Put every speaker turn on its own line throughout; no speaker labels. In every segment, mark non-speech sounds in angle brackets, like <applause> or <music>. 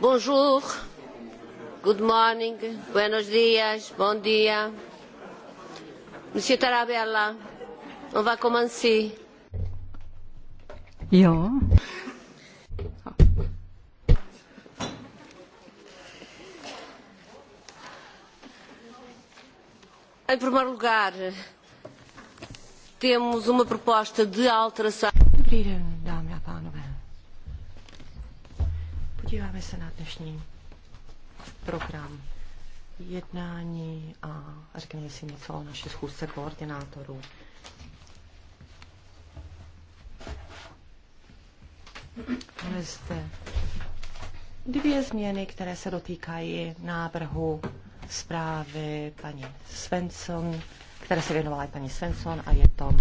Bonjour. Good morning. Buenos dias. Bon dia. Monsieur Tarabella, on va commencer. Jo. Em primeiro lugar, temos uma proposta de alteração. Dobrý den.
Podíváme se na dnešní program jednání a řekněme si něco o naší schůzce koordinátorů. Máme zde dvě změny, které se dotýkají návrhu zprávy paní Svensson, které se věnovala i paní Svensson a je to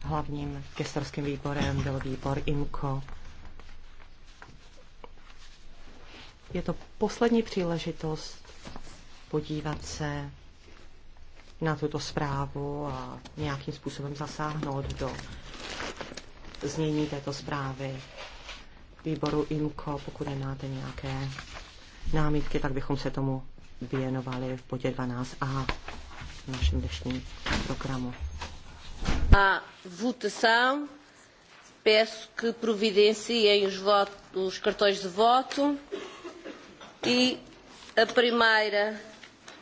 hlavním gestorským výborem byl výbor IMCO Je to poslední příležitost podívat se na tuto zprávu a nějakým způsobem zasáhnout do znění této zprávy výboru IMCO. Pokud nemáte nějaké námitky, tak bychom se tomu věnovali v bodě 12a v našem dnešním programu.
A votação. Peço que providenciem os, votos, os cartões de voto. E a primeira,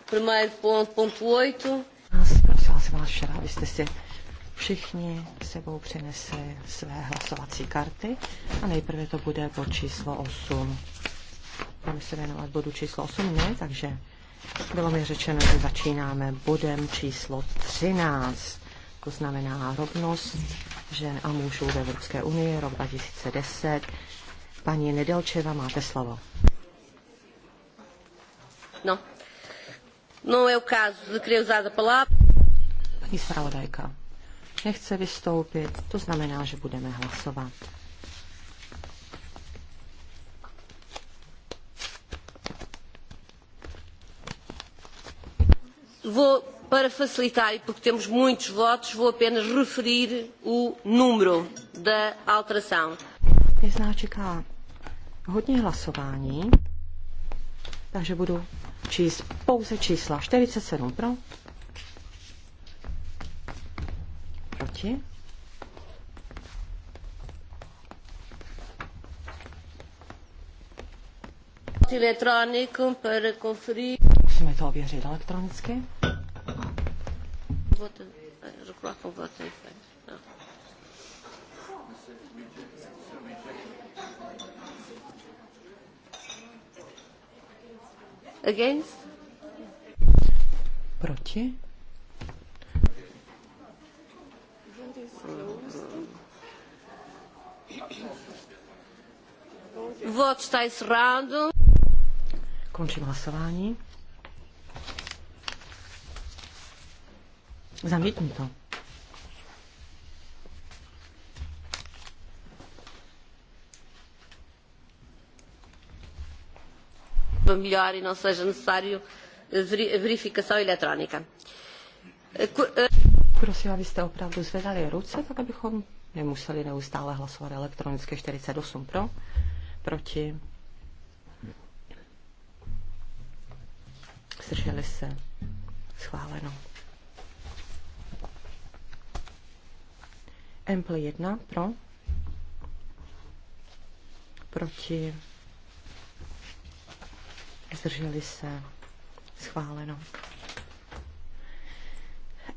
primeiro ponto, ponto 8.
Prosila jsem vás včera, abyste si všichni sebou přinesli své hlasovací karty a nejprve to bude bod číslo 8. Budeme se věnovat bodu číslo 8, ne? Takže bylo mi řečeno, že začínáme bodem číslo 13. To znamená rovnost žen a mužů v Evropské unii, rok 2010. Paní Nedelčeva, máte slovo.
No. No je ukázu, de querer usar a palavra.
Paní zpravodajka, nechce vystoupit, to znamená, že budeme hlasovat.
Vou, para facilitar e porque temos muitos votos, vou apenas referir o
número
da alteração.
Nás čeká hodně hlasování, takže budu číst pouze čísla 47 pro, proti, Musíme to ověřit elektronicky.
Against? Proti? Vot está encerrado. Končím hlasování. Zamítnu to. familiar e não seja necessário verificação eletrónica.
Eh, Prosím, abyste opravdu zvedali ruce, tak abychom nemuseli neustále hlasovat elektronicky 48 pro, proti. Zdrželi se. Schváleno. Ample 1 pro, proti zdrželi se, schváleno.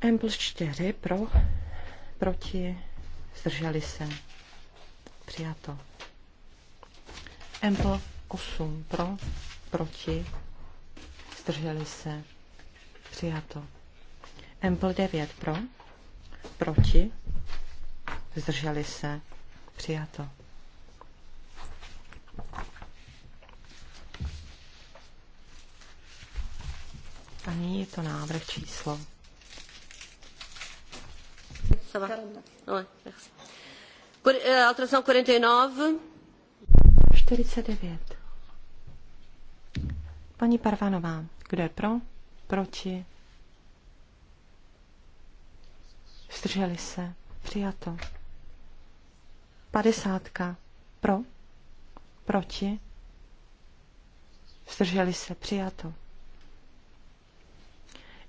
M plus 4 pro, proti, zdrželi se, přijato. M plus 8 pro, proti, zdrželi se, přijato. M plus 9 pro, proti, zdrželi se, přijato. A nyní je to návrh číslo.
Alteração 49.
49. Paní Parvanová, kdo je pro? Proti? Zdrželi se. Přijato. Padesátka. Pro? Proti? Zdrželi se. Přijato.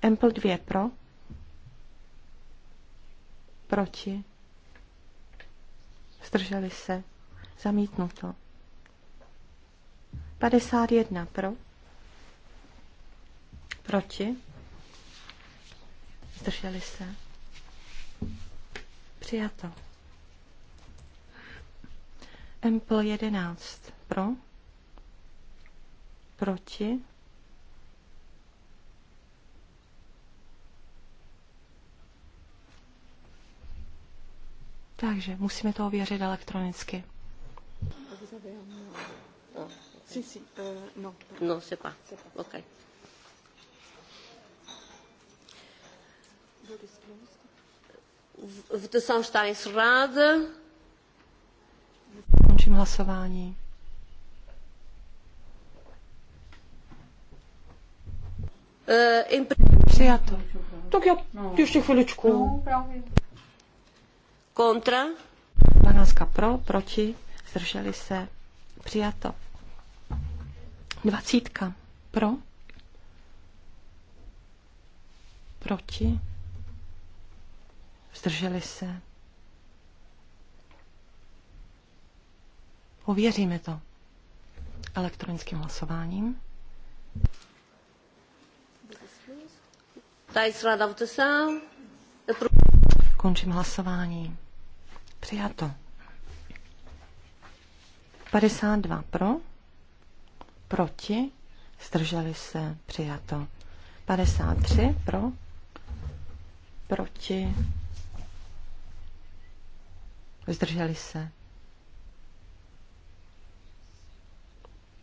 Ample 2 pro. Proti. Zdrželi se. Zamítnuto. 51 pro. Proti. Zdrželi se. Přijato. Ample 11 pro. Proti. Takže musíme to ověřit elektronicky.
Eh,
no. no se c'est pas. OK. Votação
Končím hlasování. Eh, Přijato.
Tak já no. ještě chviličku. No, právě.
Kontra.
12 pro, proti, zdrželi se, přijato. 20 pro, proti, zdrželi se. Ověříme to elektronickým hlasováním. Končím hlasování. Přijato. 52 pro, proti, zdrželi se, přijato. 53 pro, proti, zdrželi se.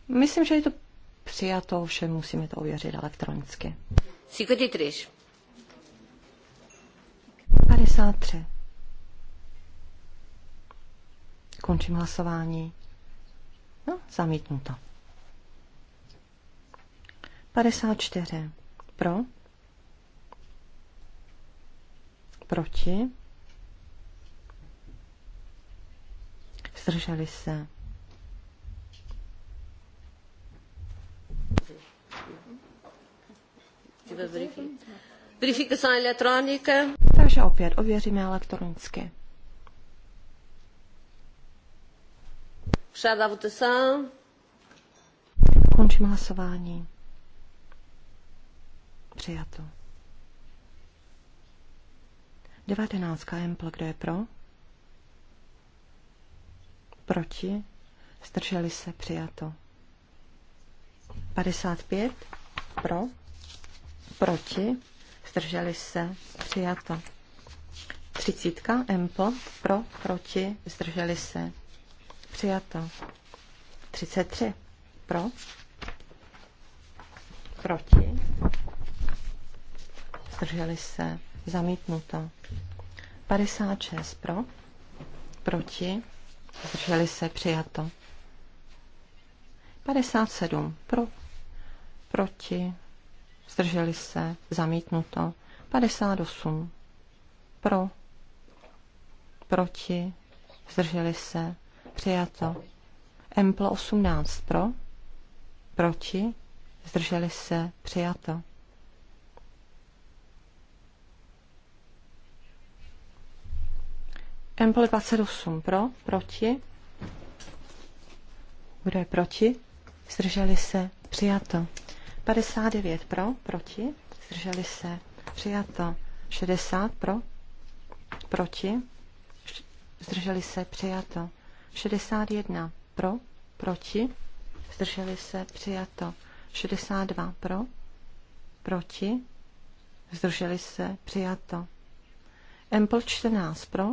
Myslím, že je to přijato, ovšem musíme to ověřit elektronicky.
53.
53. E Končím hlasování. No, zamítnuto. 54. Pro. Proti. Zdrželi se.
Verifikace elektronika. Takže opět ověříme elektronicky.
Končím hlasování. Přijato. 19 KMPL, kdo je pro? Proti? Zdrželi se, přijato. 55 pro? Proti? Zdrželi se, přijato. 30 MPL, pro, proti, zdrželi se, Přijato. 33. Pro? Proti? Zdrželi se. Zamítnuto. 56. Pro? Proti? Zdrželi se. Přijato. 57. Pro? Proti? Zdrželi se. Zamítnuto. 58. Pro? Proti? Zdrželi se. Přijato. Emplo 18 pro. Proti. Zdrželi se. Přijato. Emplo 28 pro. Proti. Kdo je proti? Zdrželi se. Přijato. 59 pro. Proti. Zdrželi se. Přijato. 60 pro. Proti. Zdrželi se. Přijato. 61 pro, proti, zdrželi se, přijato. 62 pro, proti, zdrželi se, přijato. Empl 14 pro,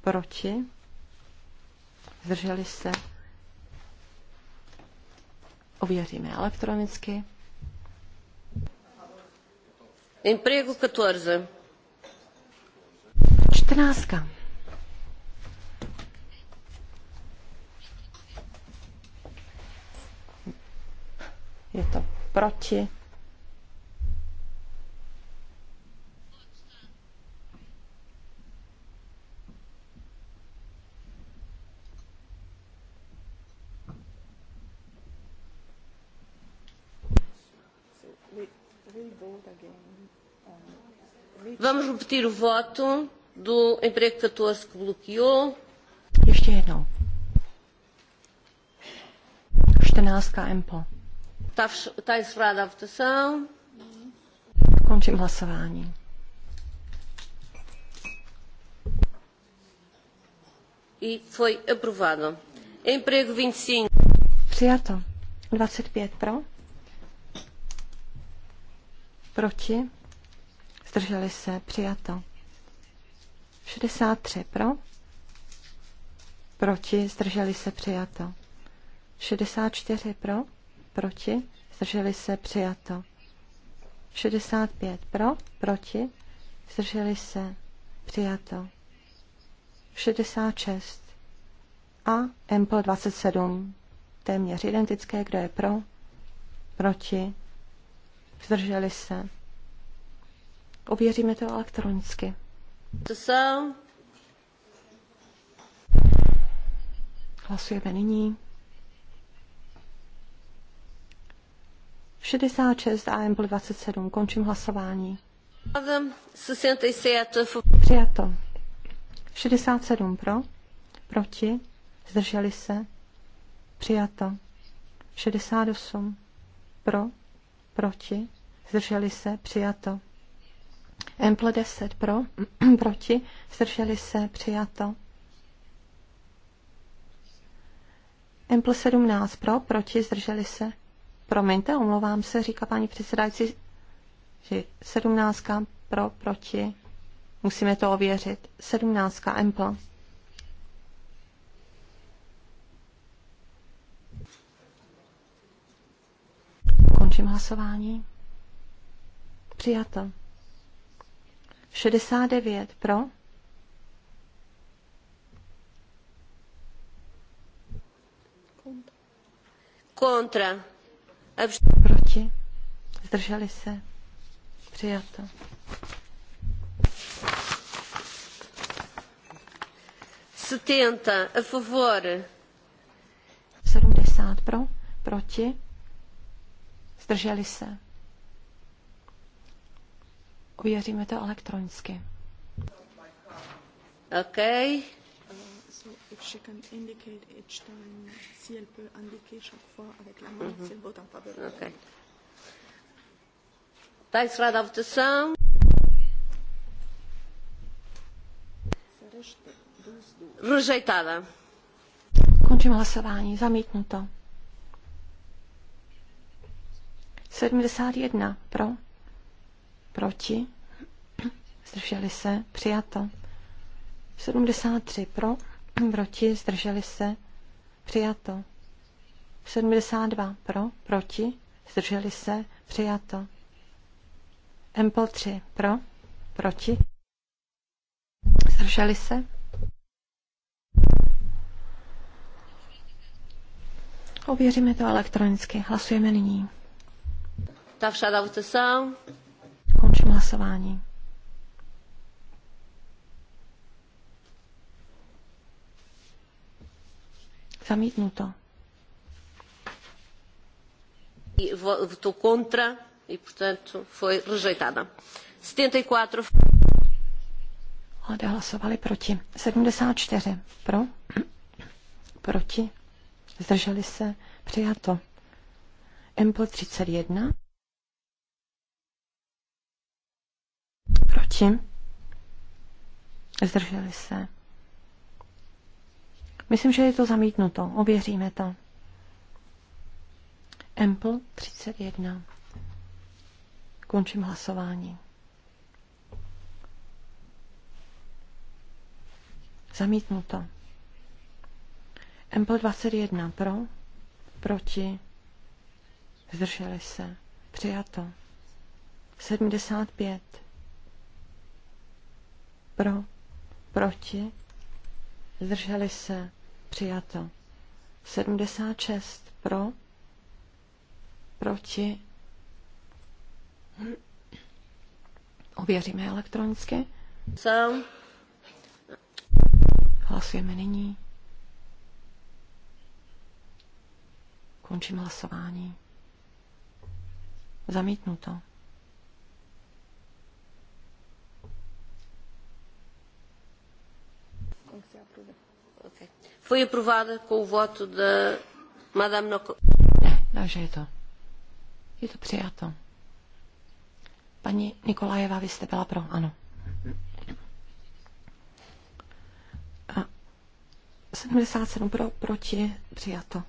proti, zdrželi se, ověříme elektronicky.
Emprego 14.
14. je to proti. Vamos repetir o voto
do emprego 14 que bloqueou. Ještě jednou.
14. EMPO.
Está encerrada a votação.
Končím hlasování.
E foi aprovado. Emprego 25. E
Přijato. 25 pro. Proti. Zdrželi se. Přijato. 63 pro. Proti. Zdrželi se. Přijato. 64 pro proti, zdrželi se přijato. 65 pro, proti, zdrželi se přijato. 66 a MPL 27 téměř identické, kdo je pro, proti, zdrželi se. Ověříme to elektronicky.
To jsou.
Hlasujeme nyní. 66 a byl 27. Končím hlasování. Přijato. 67 pro, proti, zdrželi se, přijato. 68 pro, proti, zdrželi se, přijato. Emple <clears throat> 10 pro, proti, zdrželi se, přijato. Emple 17 pro, proti, zdrželi se, Promiňte, omlouvám se, říká paní předsedající, že sedmnáctka pro, proti. Musíme to ověřit. Sedmnáctka, Ample. Končím hlasování. Přijato. 69 pro.
Kontra. Proti?
Zdrželi se? Přijato.
Setenta a favor.
70 pro, proti. Zdrželi se. Uvěříme to elektronicky.
Okay.
So if she can indicate each time, si elle peut indiquer chaque fois avec la main, mm-hmm. si elle vote en faveur. Okay.
Thanks, of the Sun. Rejeitada.
Končím hlasování. Zamítnuto. 71 pro, proti, zdrželi se, přijato. 73 pro, proti, zdrželi se, přijato. 72 pro, proti, zdrželi se, přijato. Empl 3 pro, proti, zdrželi se. Ověříme to elektronicky. Hlasujeme nyní. Končím hlasování. Zamítnuto.
Votou contra e, portanto, foi rejeitada. 74.
Odhlasovali proti. 74. Pro. Proti. Zdrželi se. Přijato. Empl 31. Proti. Zdrželi se. Myslím, že je to zamítnuto. Ověříme to. Ample 31. Končím hlasování. Zamítnuto. Ample 21. Pro? Proti? Zdrželi se. Přijato. 75. Pro? Proti? zdrželi se, přijato. 76 pro, proti, ověříme elektronicky. So. Hlasujeme nyní. Končím hlasování. Zamítnuto.
foi aprovada com o voto da Madame Noko.
Ne, takže je to. Je to přijato. Paní Nikolajeva, vy jste byla pro, ano. A 77 pro, proti, přijato.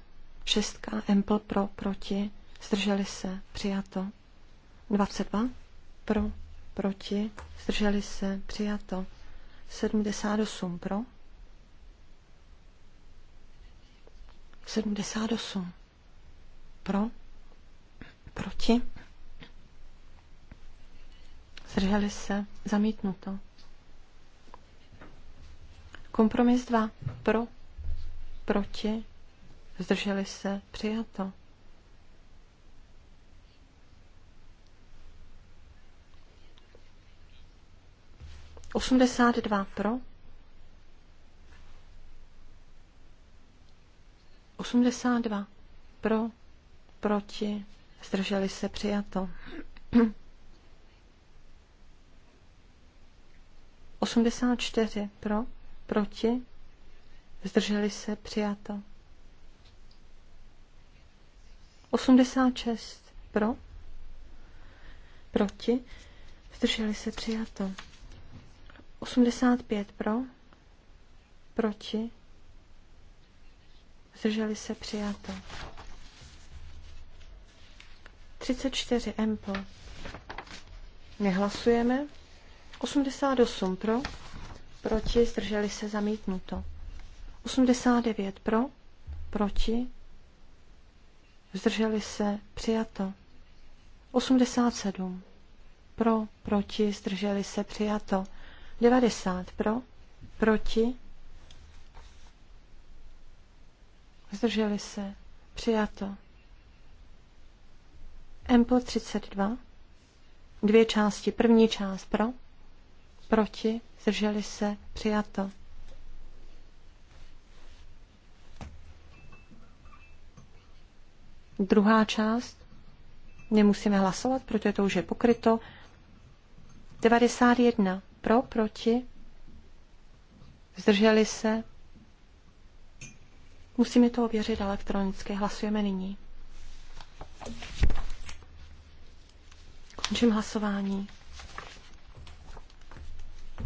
Šestka, Empl pro, proti, zdrželi se, přijato. 22 pro, proti, zdrželi se, přijato. 78 pro, 78. Pro? Proti? Zdrželi se? Zamítnuto. Kompromis 2. Pro? Proti? Zdrželi se? Přijato. Osmdesát dva pro, 82. Pro, proti, zdrželi se přijato. 84. Pro, proti, zdrželi se přijato. 86. Pro, proti, zdrželi se přijato. 85. Pro, proti, Zdrželi se přijato. 34 empl. Nehlasujeme. 88 pro. Proti. Zdrželi se zamítnuto. 89 pro. Proti. Zdrželi se přijato. 87 pro. Proti. Zdrželi se přijato. 90 pro. Proti. zdrželi se, přijato. Ample 32, dvě části, první část pro, proti, zdrželi se, přijato. Druhá část, nemusíme hlasovat, protože to už je pokryto. 91 pro, proti, zdrželi se, Musíme to ověřit elektronicky. Hlasujeme nyní. Končím hlasování.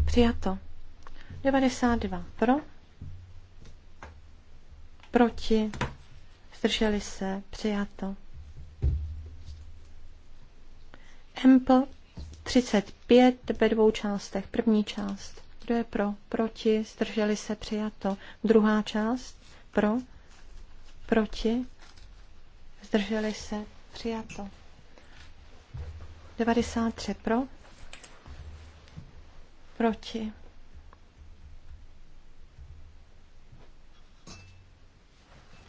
Přijato. 92 pro. Proti. Zdrželi se. Přijato. Empl 35 ve dvou částech. První část. Kdo je pro? Proti. Zdrželi se. Přijato. Druhá část. Pro? Proti? Zdrželi se? Přijato. 93 pro? Proti?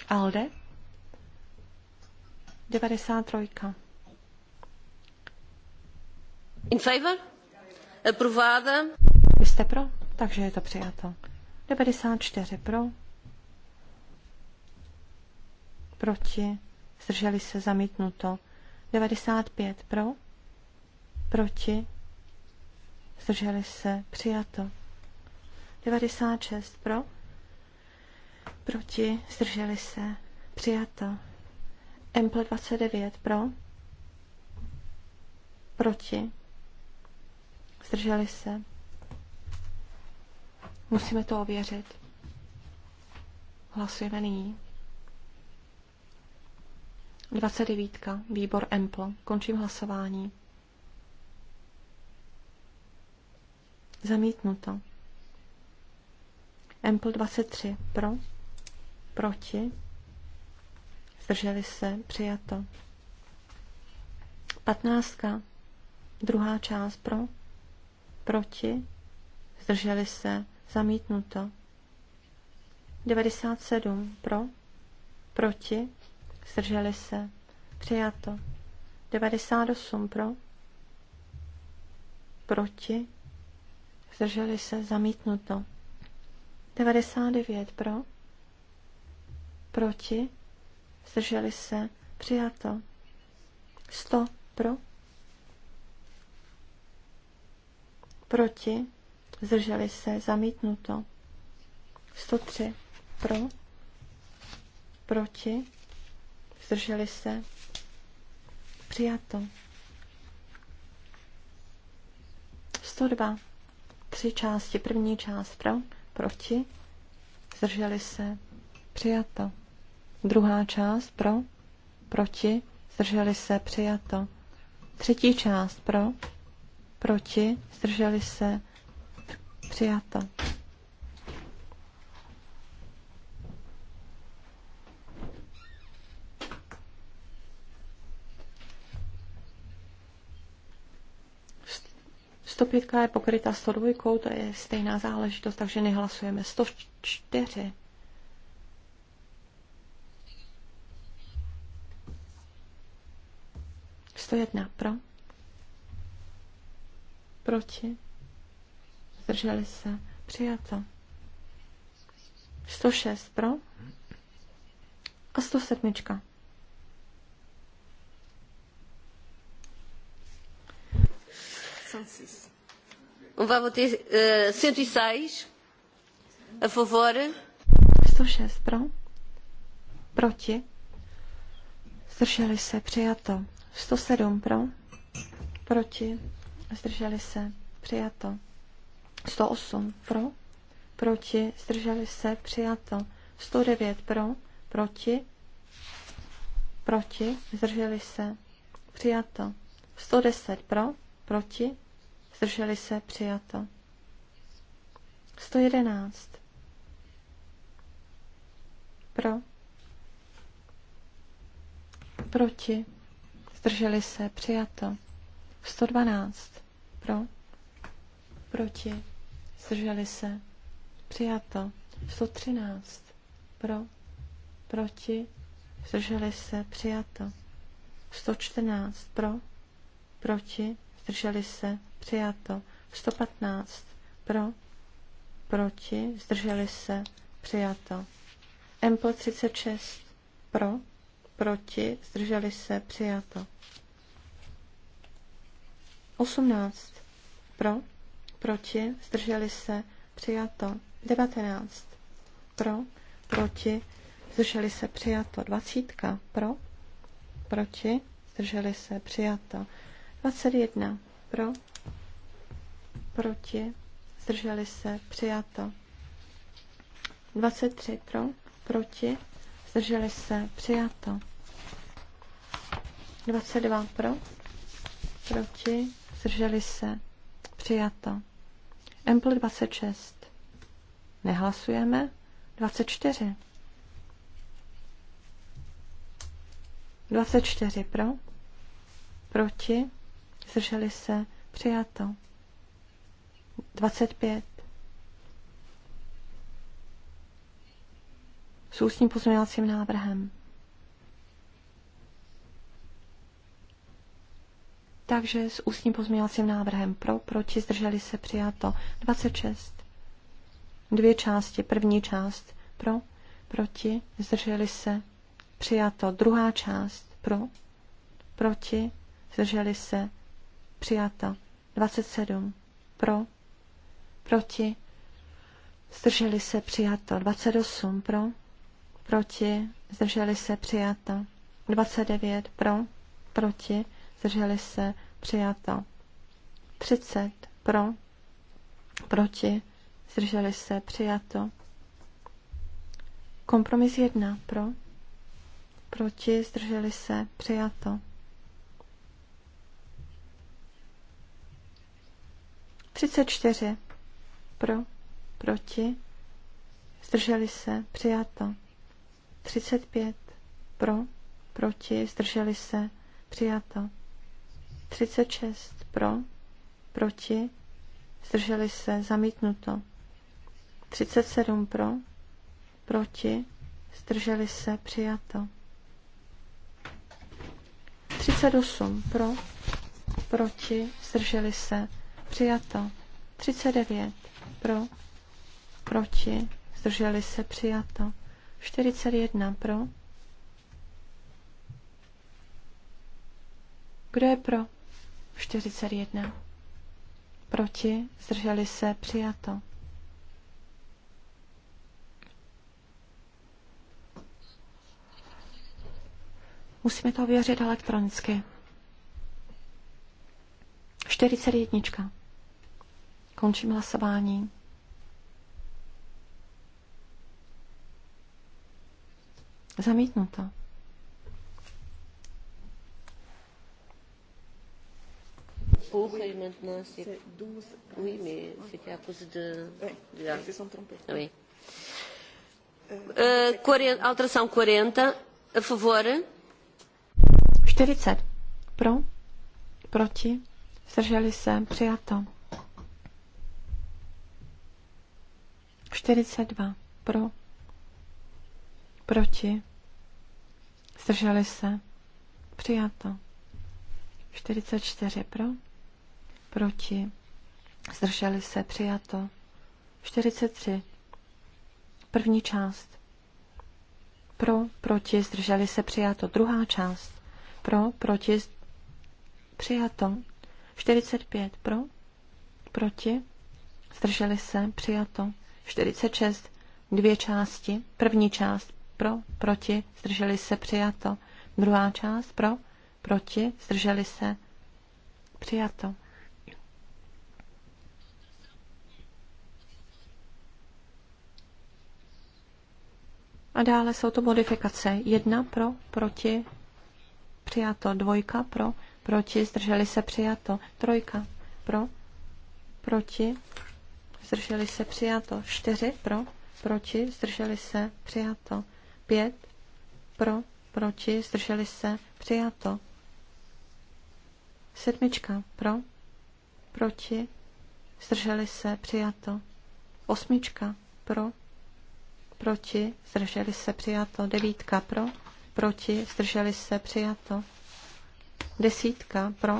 Alde? 93.
In favor? Aprovada.
Vy jste pro? Takže je to přijato. 94 pro proti, zdrželi se zamítnuto. 95 pro, proti, zdrželi se přijato. 96 pro, proti, zdrželi se přijato. Empl 29 pro, proti, zdrželi se. Musíme to ověřit. Hlasujeme nyní. 29. Výbor EMPL. Končím hlasování. Zamítnuto. EMPL 23. Pro. Proti. Zdrželi se. Přijato. 15. Druhá část. Pro. Proti. Zdrželi se. Zamítnuto. 97. Pro. Proti Zdrželi se. Přijato. 98 pro. Proti. Zdrželi se. Zamítnuto. 99 pro. Proti. Zdrželi se. Přijato. 100 pro. Proti. Zdrželi se. Zamítnuto. 103 pro. Proti zdrželi se, přijato. 102, tři části, první část pro, proti, zdrželi se, přijato. Druhá část pro, proti, zdrželi se, přijato. Třetí část pro, proti, zdrželi se, přijato. 105 je pokryta 102, to je stejná záležitost, takže nehlasujeme. 104. Sto jedna pro. Proti. Zdrželi se. Přijato. 106 pro. A 107. Celsius
uh, um eh, 106 e a favor. 106
pro. Proti. Zdrželi se. Přijato. 107 pro. Proti. Zdrželi se. Přijato. 108 pro. Proti. Zdrželi se. Přijato. 109 pro. Proti. Proti. Zdrželi se. Přijato. 110 pro. Proti zdrželi se, přijato. 111. Pro. Proti. Zdrželi se, přijato. 112. Pro. Proti. Zdrželi se. Přijato. 113. Pro. Proti. Zdrželi se. Přijato. 114. Pro. Proti zdrželi se, přijato. 115 pro, proti, zdrželi se, přijato. MPO 36 pro, proti, zdrželi se, přijato. 18 pro, proti, zdrželi se, přijato. 19 pro, proti, zdrželi se, přijato. 20 pro, proti, zdrželi se, přijato. 21 pro, proti, zdrželi se, přijato. 23 pro, proti, zdrželi se, přijato. 22 pro, proti, zdrželi se, přijato. Ample 26. Nehlasujeme. 24. 24 pro, proti, zdrželi se, přijato. 25. S ústním pozměňovacím návrhem. Takže s ústním pozměňovacím návrhem pro, proti, zdrželi se, přijato. 26. Dvě části. První část pro, proti, zdrželi se, přijato. Druhá část pro, proti, zdrželi se, přijata. 27 pro, proti, zdrželi se přijato. 28 pro, proti, zdrželi se přijata. 29 pro, proti, zdrželi se přijata. 30 pro, proti, zdrželi se přijato. Kompromis 1 pro, proti, zdrželi se přijato. 34 pro, proti, zdrželi se, přijato. 35 pro, proti, zdrželi se, přijato. 36 pro, proti, zdrželi se, zamítnuto. 37 pro, proti, zdrželi se, přijato. 38 pro, proti, zdrželi se, přijato. 39 pro, proti, zdrželi se, přijato. 41 pro. Kdo je pro? 41. Proti, zdrželi se, přijato. Musíme to ověřit elektronicky. 41. Končím hlasování. Zamítnuto.
Pourquoi maintenant c'est alteração 40, a favor.
40. Pro. Proti. Zdrželi se. Přijato. 42 pro, proti, zdrželi se, přijato. 44 pro, proti, zdrželi se, přijato. 43. První část. Pro, proti, zdrželi se, přijato. Druhá část. Pro, proti, přijato. 45 pro, proti, zdrželi se, přijato. 46, dvě části. První část pro, proti, zdrželi se, přijato. Druhá část pro, proti, zdrželi se, přijato. A dále jsou to modifikace. Jedna pro, proti, přijato. Dvojka pro, proti, zdrželi se, přijato. Trojka pro, proti, zdrželi se, přijato. 4 pro, proti, zdrželi se, přijato. 5 pro, proti, zdrželi se, přijato. Sedmička pro, proti, zdrželi se, přijato. Osmička pro, proti, zdrželi se, přijato. Devítka pro, proti, zdrželi se, přijato. Desítka pro,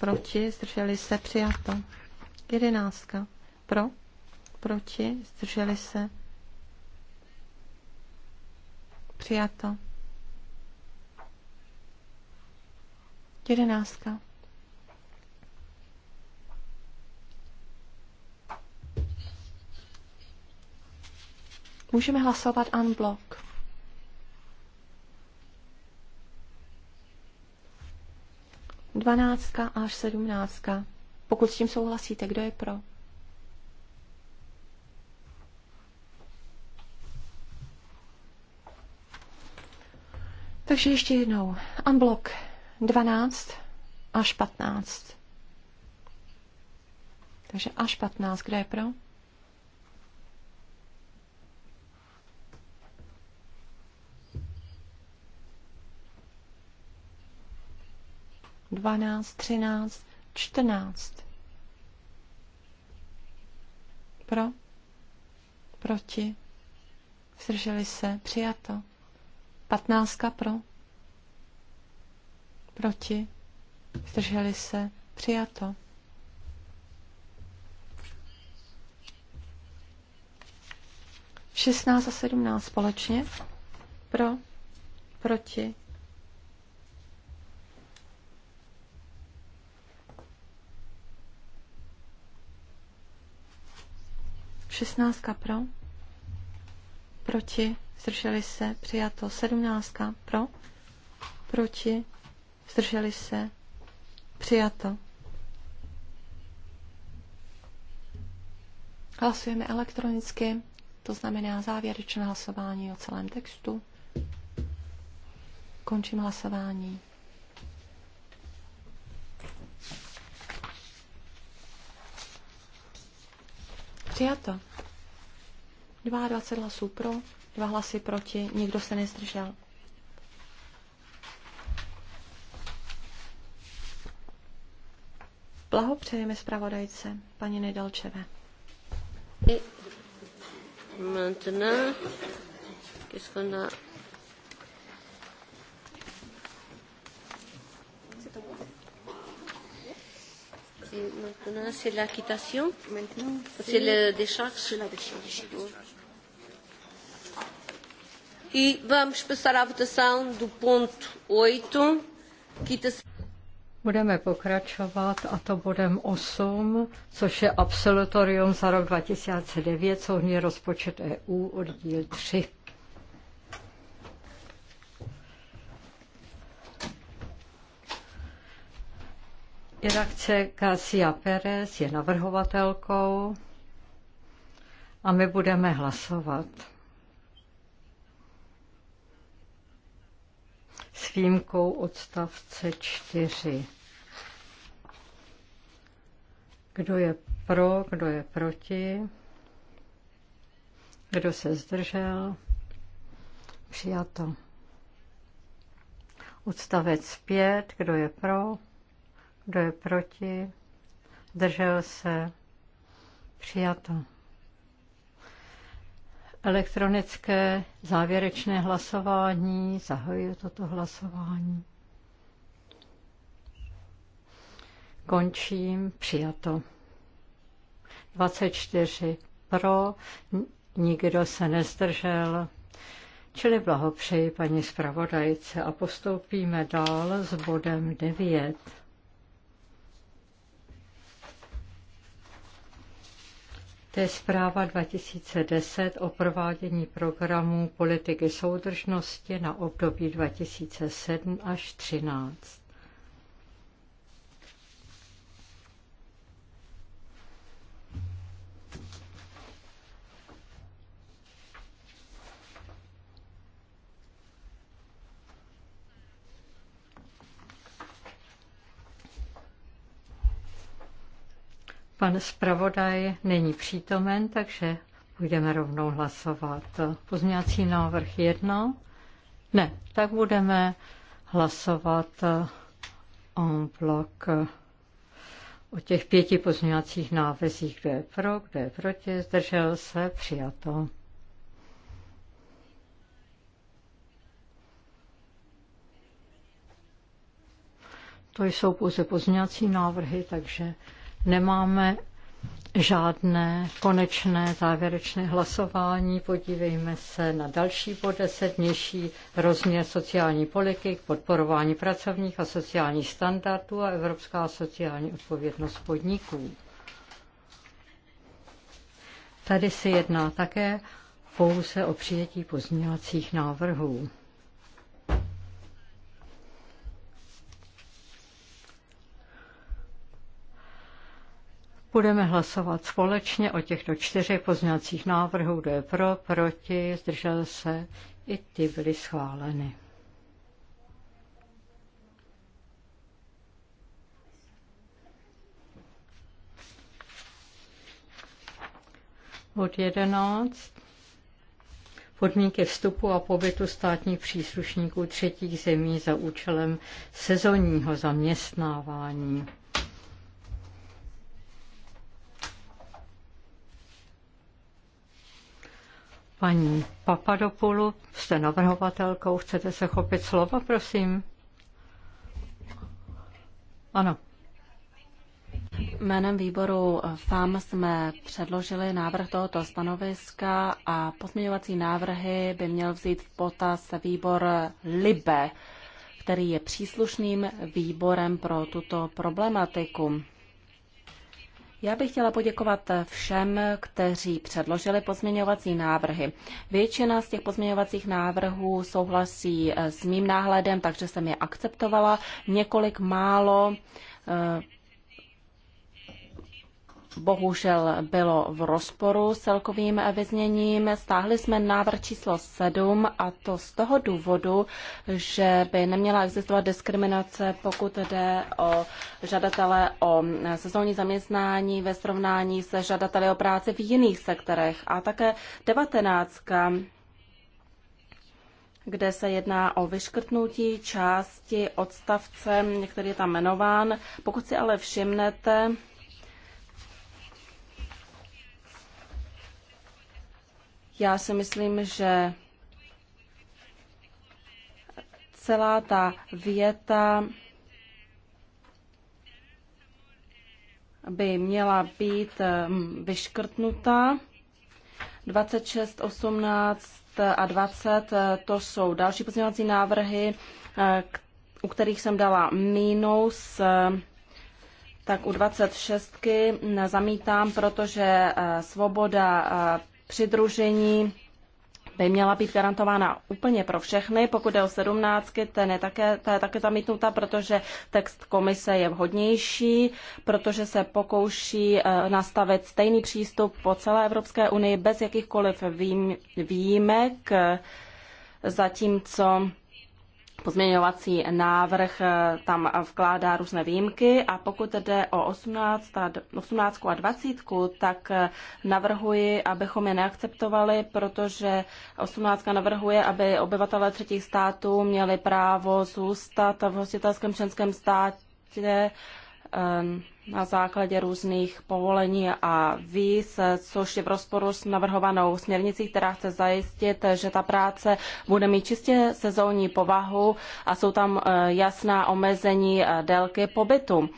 proti, zdrželi se, přijato. Jedenáctka pro? Proti? Zdrželi se? Přijato. Jedenáctka. Můžeme hlasovat unblock. Dvanáctka až sedmnáctka. Pokud s tím souhlasíte, kdo je pro? Takže ještě jednou. Unblock 12 až 15. Takže až 15. Kde je pro? Dvanáct, třináct, čtrnáct. Pro? Proti? Zdrželi se? Přijato? Patnáctka pro. Proti. Zdrželi se. Přijato. Šestnáct a sedmnáct společně. Pro. Proti. Šestnáctka pro. Proti zdrželi se, přijato. Sedmnáctka. pro, proti, zdrželi se, přijato. Hlasujeme elektronicky, to znamená závěrečné hlasování o celém textu. Končím hlasování. Přijato. 22 hlasů pro, Dva hlasy proti, nikdo se nezdržel. Blahopřejeme zpravodajce, paní Nedalčeve.
Maintenant, qu'est-ce qu'on a maintenant, c'est l'acquittation. Maintenant, c'est la décharge. C'est la décharge. E vamos passar à votação do ponto 8, quitação.
Budeme pokračovat a to bodem 8, což je absolutorium za rok 2009, souhrný rozpočet EU oddíl 3. Redakce Garcia Pérez je navrhovatelkou a my budeme hlasovat. s výjimkou odstavce 4. Kdo je pro, kdo je proti, kdo se zdržel, přijato. Odstavec 5, kdo je pro, kdo je proti, Držel se, přijato. Elektronické závěrečné hlasování. Zahajuji toto hlasování. Končím. Přijato. 24 pro, nikdo se nezdržel. Čili blahopřeji paní zpravodajce a postoupíme dál s bodem 9. To je zpráva 2010 o provádění programů politiky soudržnosti na období 2007 až 2013. Pan zpravodaj není přítomen, takže budeme rovnou hlasovat. Pozměňovací návrh 1? Ne, tak budeme hlasovat eh, en blok eh, o těch pěti pozměňovacích návezích, kdo je pro, kdo je proti, zdržel se, přijato. To jsou pouze pozměňovací návrhy, takže nemáme žádné konečné závěrečné hlasování. Podívejme se na další bod 10, nižší rozměr sociální politiky, podporování pracovních a sociálních standardů a evropská sociální odpovědnost podniků. Tady se jedná také pouze o přijetí pozměňovacích návrhů. Budeme hlasovat společně o těchto čtyřech pozměňovacích návrhů. Kdo je pro, proti, zdržel se, i ty byly schváleny. Bod 11. Podmínky vstupu a pobytu státních příslušníků třetích zemí za účelem sezonního zaměstnávání. Paní papadopulu, jste navrhovatelkou, chcete se chopit slova, prosím? Ano.
Jménem výboru FAM jsme předložili návrh tohoto stanoviska a pozměňovací návrhy by měl vzít v potaz výbor LIBE, který je příslušným výborem pro tuto problematiku. Já bych chtěla poděkovat všem, kteří předložili pozměňovací návrhy. Většina z těch pozměňovacích návrhů souhlasí eh, s mým náhledem, takže jsem je akceptovala. Několik málo eh, bohužel bylo v rozporu s celkovým vyzněním. Stáhli jsme návrh číslo 7 a to z toho důvodu, že by neměla existovat diskriminace, pokud jde o žadatele o sezónní zaměstnání ve srovnání se žadateli o práci v jiných sektorech. A také 19 kde se jedná o vyškrtnutí části odstavce, který je tam jmenován. Pokud si ale všimnete, Já si myslím, že celá ta věta by měla být mm, vyškrtnuta. 26, 18 a 20 to jsou další pozměňovací návrhy, eh, u kterých jsem dala mínus. Eh, tak u 26 mm, zamítám, protože eh, svoboda přidružení by měla být garantována úplně pro všechny. Pokud je o sedmnáctky, ten je také, ta je také zamítnuta, protože text komise je vhodnější, protože se pokouší eh, nastavit stejný přístup po celé Evropské unii bez jakýchkoliv výjimek, eh, zatímco pozměňovací návrh eh, tam vkládá různé výjimky a pokud jde o 18 a, 18 a 20, tak eh, navrhuji, abychom je neakceptovali, protože 18 navrhuje, aby obyvatelé třetích států měli právo zůstat v hostitelském členském státě ehm, na základě různých povolení a víz, což je v rozporu s navrhovanou směrnicí, která chce zajistit, že ta práce bude mít čistě sezónní povahu a jsou tam eh, jasná omezení eh, délky pobytu.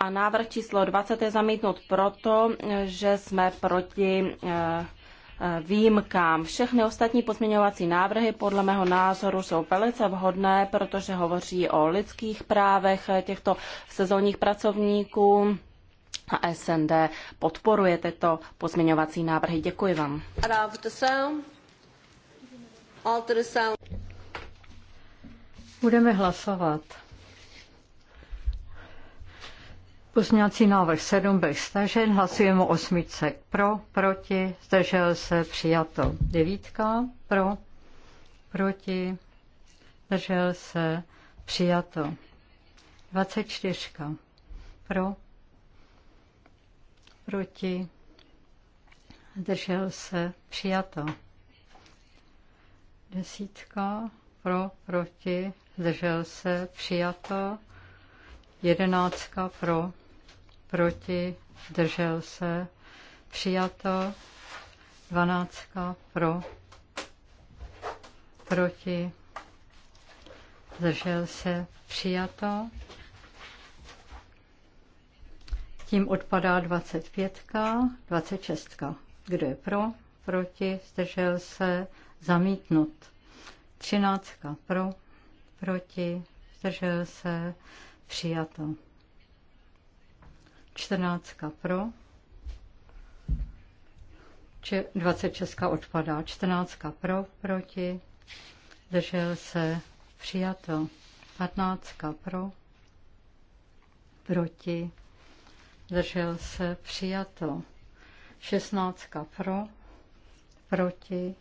A návrh číslo 20 je zamítnut proto, že jsme proti eh, výjimkám. Všechny ostatní pozměňovací návrhy podle mého názoru jsou velice vhodné, protože hovoří o lidských právech těchto sezónních pracovníků a SND podporuje tyto pozměňovací návrhy. Děkuji vám.
Budeme hlasovat. Pozměňovací návrh 7 byl stažen, hlasujeme o osmice pro, proti, zdržel se, přijato. Devítka pro, proti, zdržel se, přijato. 24 pro, proti, zdržel se, přijato. Desítka pro, proti, zdržel se, přijato. Jedenáctka pro, proti, držel se, přijato, dvanáctka pro, proti, zdržel se, přijato. Tím odpadá 25, 26. Kdo je pro, proti, zdržel se, zamítnut. 13 pro, proti, zdržel se, přijato. 14 pro, 26 odpadá, 14 pro, proti, držel se, přijato, 15 pro, proti, držel se, přijato, 16 pro, proti,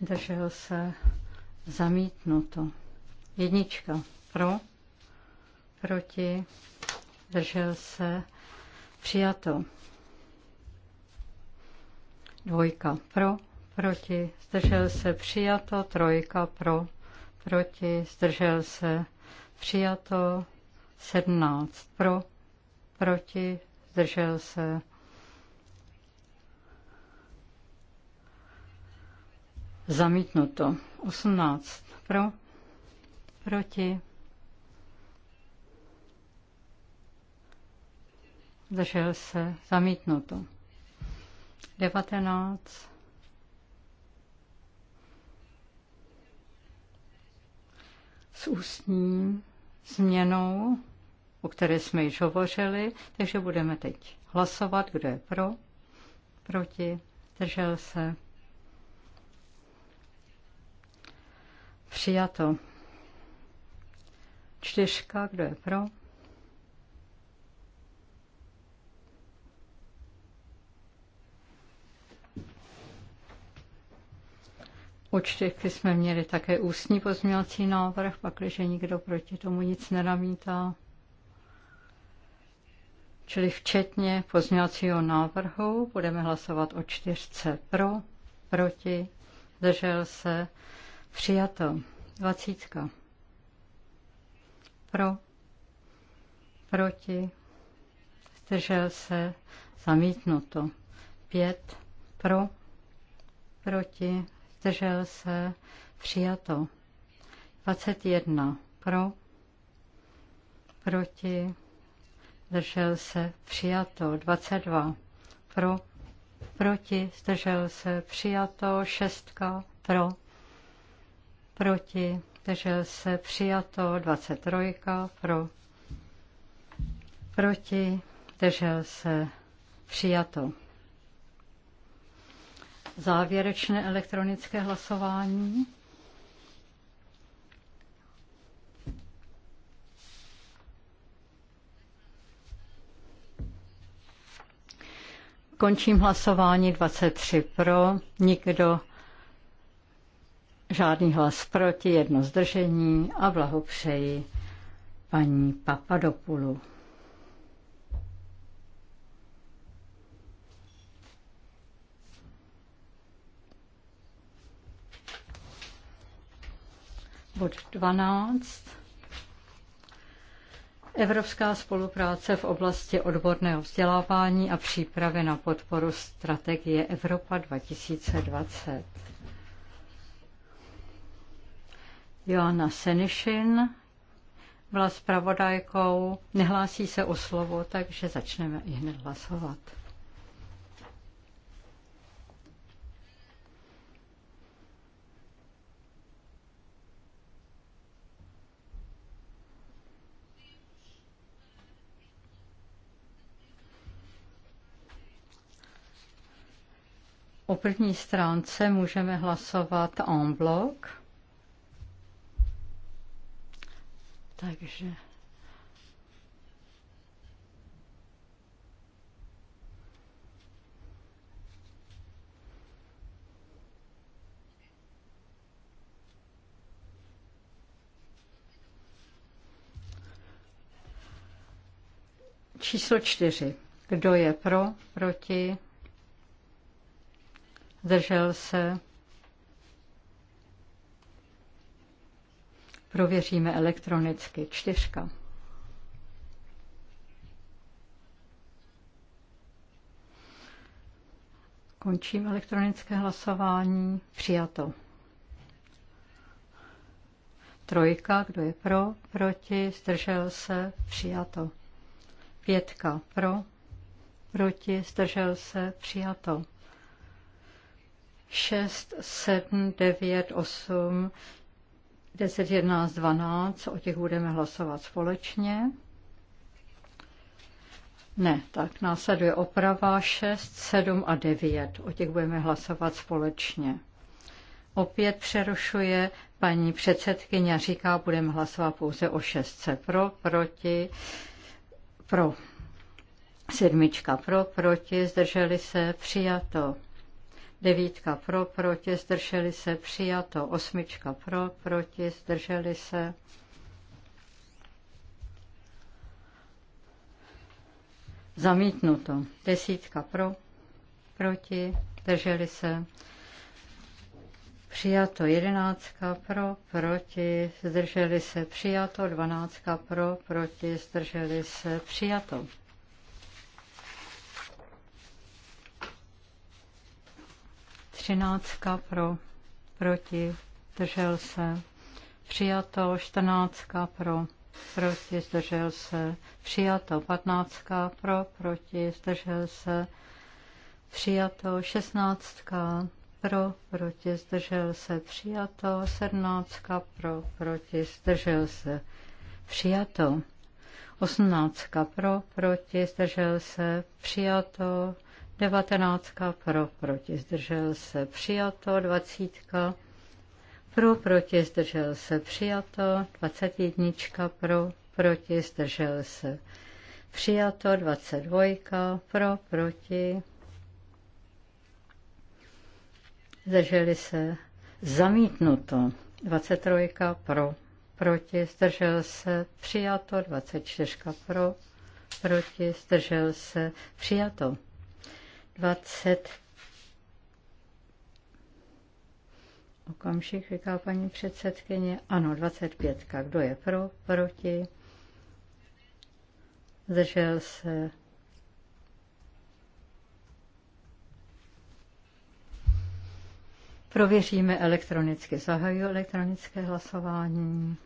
držel se, zamítnuto, jednička pro, proti, držel se, Přijato. Dvojka pro, proti, zdržel se, přijato. Trojka pro, proti, zdržel se, přijato. Sedmnáct pro, proti, zdržel se. Zamítnuto. osmnáct pro, proti, zdržel se, zamítnuto. 19. S ústní změnou, o které jsme již hovořili, takže budeme teď hlasovat, kdo je pro, proti, držel se. Přijato. Čtyřka, kdo je pro? účty jsme měli také ústní pozměňovací návrh, pak když nikdo proti tomu nic nenamítá. Čili včetně pozměňovacího návrhu budeme hlasovat o čtyřce pro, proti, držel se, přijato, dvacítka. Pro, proti, zdržel se, zamítnuto, pět, pro, proti, zdržel se, přijato. 21 pro, proti, zdržel se, přijato. 22 pro, proti, zdržel se, přijato. 6 pro, proti, zdržel se, přijato. 23 pro, proti, zdržel se, přijato. Závěrečné elektronické hlasování. Končím hlasování 23 pro, nikdo, žádný hlas proti, jedno zdržení a blahopřeji paní Papadopoulou. bod 12. Evropská spolupráce v oblasti odborného vzdělávání a přípravy na podporu strategie Evropa 2020. Joana Senišin byla zpravodajkou, nehlásí se o slovo, takže začneme i hned hlasovat. O první stránce můžeme hlasovat en bloc. Takže číslo čtyři. Kdo je pro, proti? zdržel se. Prověříme elektronicky. Čtyřka. Končím elektronické hlasování. Přijato. Trojka, kdo je pro, proti, zdržel se, přijato. Pětka pro, proti, zdržel se, přijato. 6, 7, 9, 8, 10, 11, 12, o těch budeme hlasovat společně. Ne, tak následuje oprava 6, 7 a 9. O těch budeme hlasovat společně. Opět přerušuje paní předsedkyně a říká, budeme hlasovat pouze o 6. pro, proti, pro. Sedmička pro, proti, zdrželi se, přijato devítka pro, proti, zdrželi se, přijato, osmička pro, proti, zdrželi se. Zamítnuto. Desítka pro, proti, zdrželi se. Přijato jedenáctka pro, proti, zdrželi se. Přijato dvanáctka pro, proti, zdrželi se. Přijato. 13 pro, proti, zdržel se. Přijato 14 pro, proti, zdržel se. Přijato 15 pro, proti, zdržel se. Přijato 16 pro, proti, zdržel se. Přijato 17 pro, proti, zdržel se. Přijato 18 pro, proti, zdržel se. Přijato 19 pro, proti, zdržel se, přijato, 20 pro, proti, zdržel se, přijato, 21 pro, proti, zdržel se, přijato, 22 pro, proti, zdrželi se, zamítnuto, 23 pro, proti, zdržel se, přijato, 24 pro, proti, zdržel se, přijato. 20. Okamžik, říká paní předsedkyně. Ano, 25. Kdo je pro, proti? Zdržel se. Prověříme elektronicky. Zahajuji elektronické hlasování.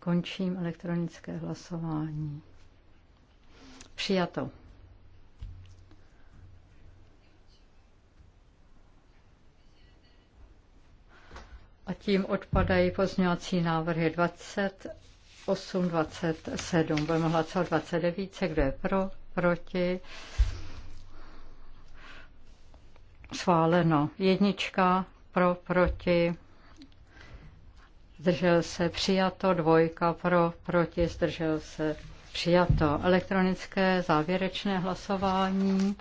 Končím elektronické hlasování. Přijato. A tím odpadají pozměňovací návrhy 28, 27. Budeme hlasovat 29. Kdo je pro? Proti? Sváleno. Jednička pro, proti. Zdržel se přijato. Dvojka pro, proti. Zdržel se přijato. Elektronické závěrečné hlasování.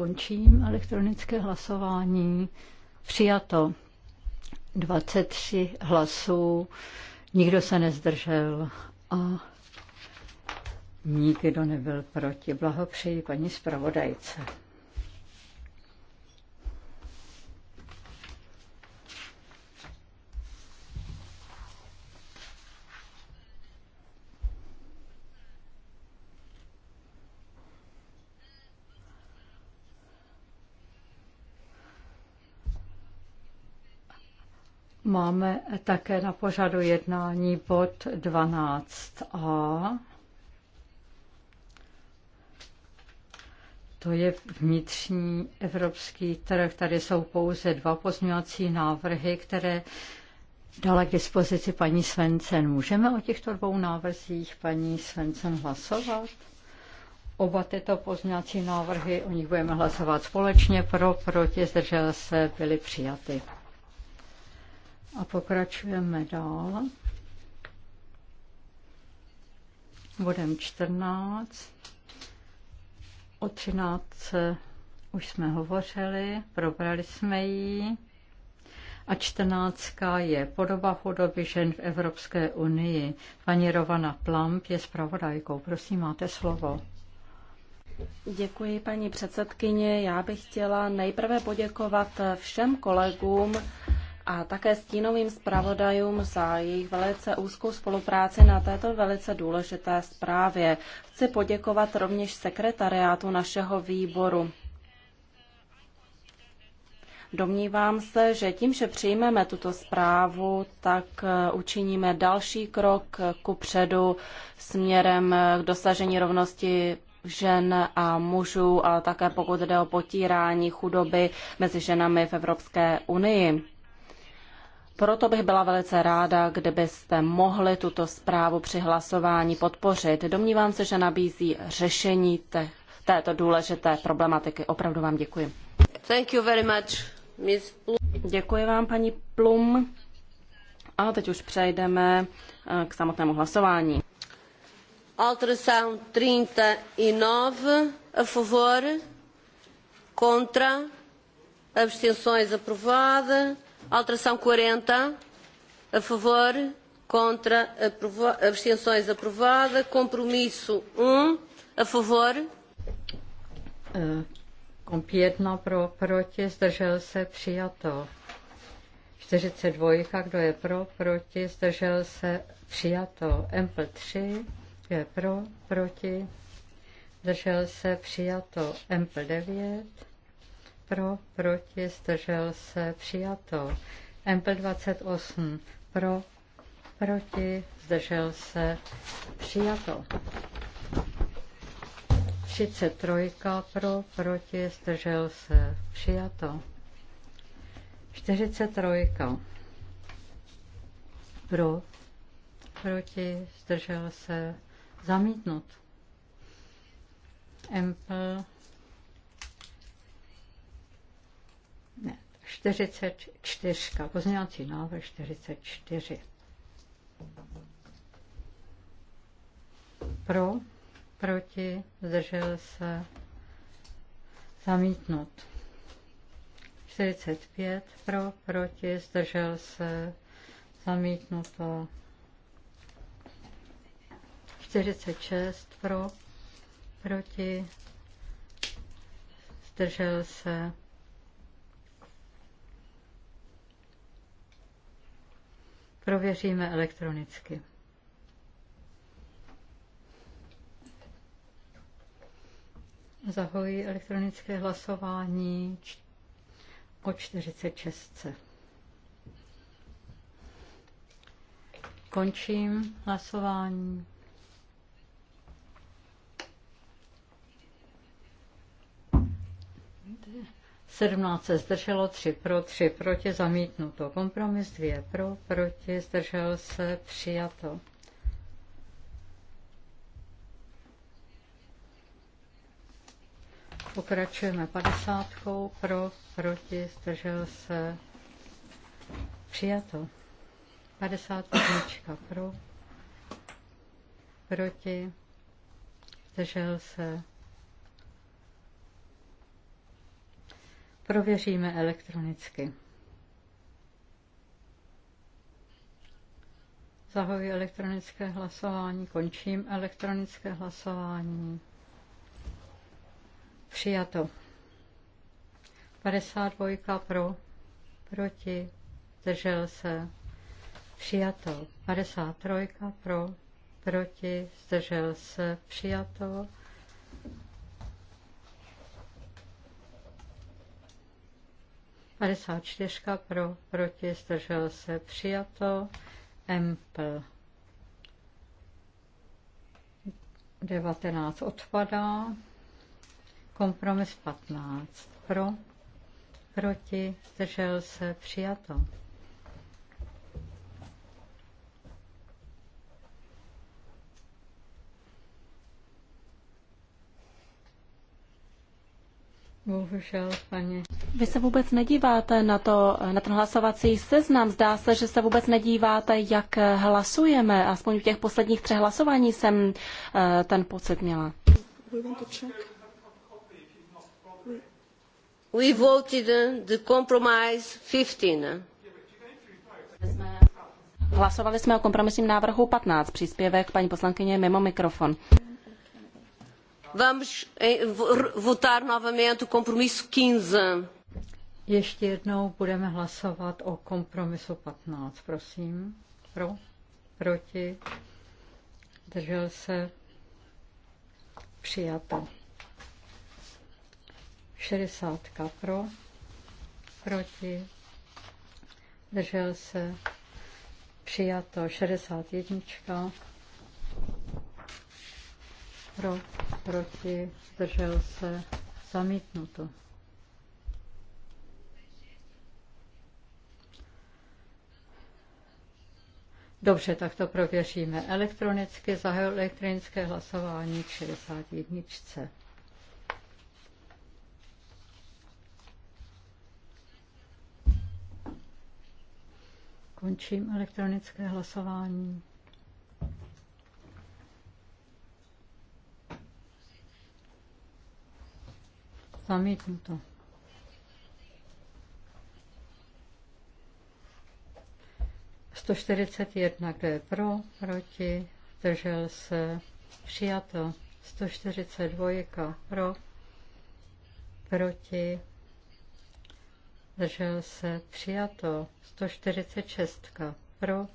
Končím elektronické hlasování. Přijato 23 hlasů, nikdo se nezdržel a nikdo nebyl proti. Blahopřeji paní zpravodajce. Máme také na pořadu jednání bod 12a. To je vnitřní evropský trh. Tady jsou pouze dva pozměňovací návrhy, které dala k dispozici paní Svencen. Můžeme o těchto dvou návrzích paní Svencen hlasovat? Oba tyto pozměňovací návrhy, o nich budeme hlasovat společně, pro, proti, zdržel se, byly přijaty. A pokračujeme dál. Bodem 14. O 13 už jsme hovořili, probrali jsme ji. A 14 je podoba chudoby žen v Evropské unii. Paní Rovana Plamp je zpravodajkou. Prosím, máte slovo.
Děkuji, paní předsedkyně. Já bych chtěla nejprve poděkovat všem kolegům a také stínovým zpravodajům za jejich velice úzkou spolupráci na této velice důležité zprávě. Chci poděkovat rovněž sekretariátu našeho výboru. Domnívám se, že tím, že přijmeme tuto zprávu, tak eh, učiníme další krok ku předu směrem k dosažení rovnosti žen a mužů, ale také pokud jde o potírání chudoby mezi ženami v Evropské unii. Proto bych byla velice ráda, kdybyste mohli tuto zprávu při hlasování podpořit. Domnívám se, že nabízí řešení te, této důležité problematiky. Opravdu vám děkuji.
Thank you very much, Ms. Plum. Děkuji vám, paní Plum.
A teď už přejdeme eh, k samotnému hlasování.
Alteração 39 a favor, contra, abstenções aprovada. Alteração 40. A favor. Contra. abstenções aprovada. Compromisso um
A favor. Eh, komp 1 pro, proti, zdržel se, přijato. 42, kdo je pro, proti, zdržel se, přijato. Empl 3, kdo je pro, proti, zdržel se, přijato. Empl 9, pro, proti, zdržel se, přijato. MP28 pro, proti, zdržel se, přijato. 33 pro, proti, zdržel se, přijato. 43 pro, proti, zdržel se, zamítnut. Empl 44. Pozměňovací návrh 44. Pro, proti, zdržel se, zamítnut. 45. Pro, proti, zdržel se, zamítnuto. 46. Pro, proti, zdržel se, Prověříme elektronicky. Zahojí elektronické hlasování o 46. Končím hlasování. 17 se zdrželo, 3 pro, 3 proti, zamítnuto. Kompromis 2 pro, proti, zdržel se, přijato. Pokračujeme 50 pro, proti, zdržel se, přijato. 51 pro, proti, zdržel se, Prověříme elektronicky. Zahajuji elektronické hlasování, končím elektronické hlasování. Přijato. 52 pro, proti, zdržel se. Přijato. 53 pro, proti, zdržel se. Přijato. 54 pro, proti, zdržel se, přijato. Empl 19 odpadá. Kompromis 15 pro, proti, zdržel se, přijato. Bohužel, paní.
Vy se vůbec nedíváte na, to, na ten hlasovací seznam. Zdá se, že se vůbec nedíváte, jak hlasujeme. Aspoň v těch posledních třech hlasování jsem eh, ten pocit měla. We voted
eh, the compromise 15. Eh.
Hlasovali jsme o kompromisním návrhu 15, příspěvek paní poslankyně mimo mikrofon.
Vamos eh, votar novamente o compromisso 15.
Ještě jednou budeme hlasovat o kompromisu 15, prosím. Pro? Proti? Držel se? Přijato. 60 pro? Proti? Držel se? Přijato. 61 pro, proti, zdržel se, zamítnuto. Dobře, tak to prověříme. Elektronicky zahajil elektronické hlasování k 61. Končím elektronické hlasování. Zamítnuto. Sto čtyřicet jedna, kdo je pro, proti, držel se, přijato. Sto čtyřicet dvojka, pro, proti, držel se, přijato. Sto čtyřicet šestka, pro,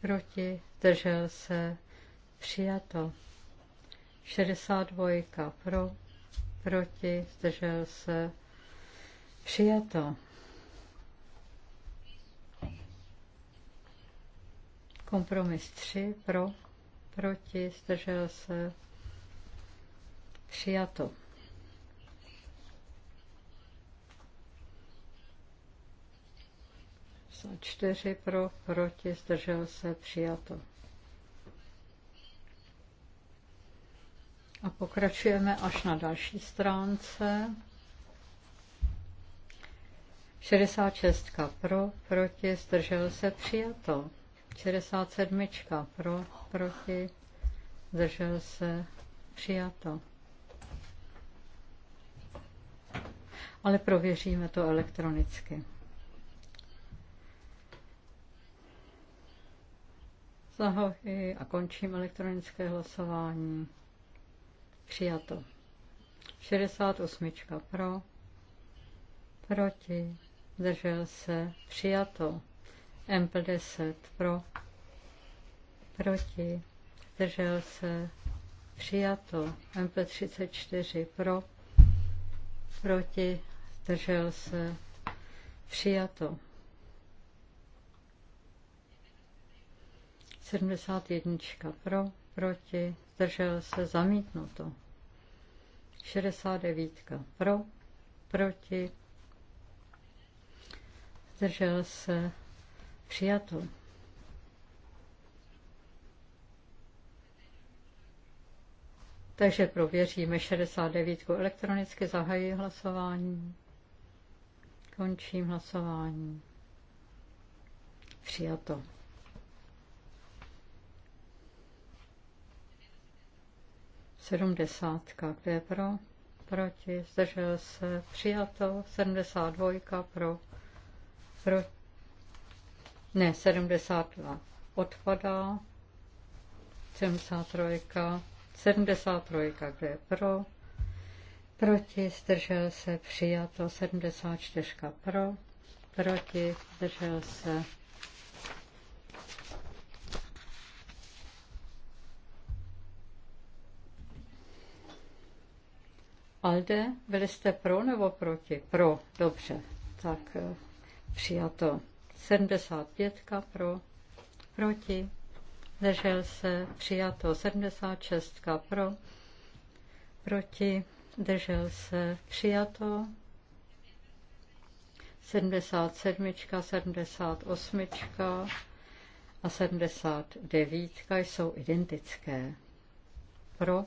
proti, držel se, přijato. dvojka pro, proti, zdržel se, přijato. Kompromis 3, pro, proti, zdržel se, přijato. Čtyři pro, proti, zdržel se, přijato. A pokračujeme až na další stránce. 66 pro, proti, zdržel se, přijato. 67 pro, proti, zdržel se, přijato. Ale prověříme to elektronicky. Zahoji a končím elektronické hlasování. Přijato. 68 pro, proti, zdržel se, přijato. mp 10 pro, proti, zdržel se, přijato. mp 34 pro, proti, zdržel se, přijato. 71 pro, proti, zdržel se, zamítnuto. 69 pro, proti, zdržel se, přijato. Takže prověříme 69. Elektronicky zahají hlasování. Končím hlasování. Přijato. 70. Kdo je pro? Proti. Zdržel se. Přijato. 72. Pro. pro ne, 72. Odpadá. 73. 73. Kdo je pro? Proti. Zdržel se. Přijato. 74. Pro. Proti. Zdržel se. Alde, byli jste pro nebo proti? Pro, dobře. Tak eh, přijato. 75 pro, proti, zdržel se, přijato. 76 pro, proti, držel se, přijato. 77, 78 a 79 jsou identické. Pro,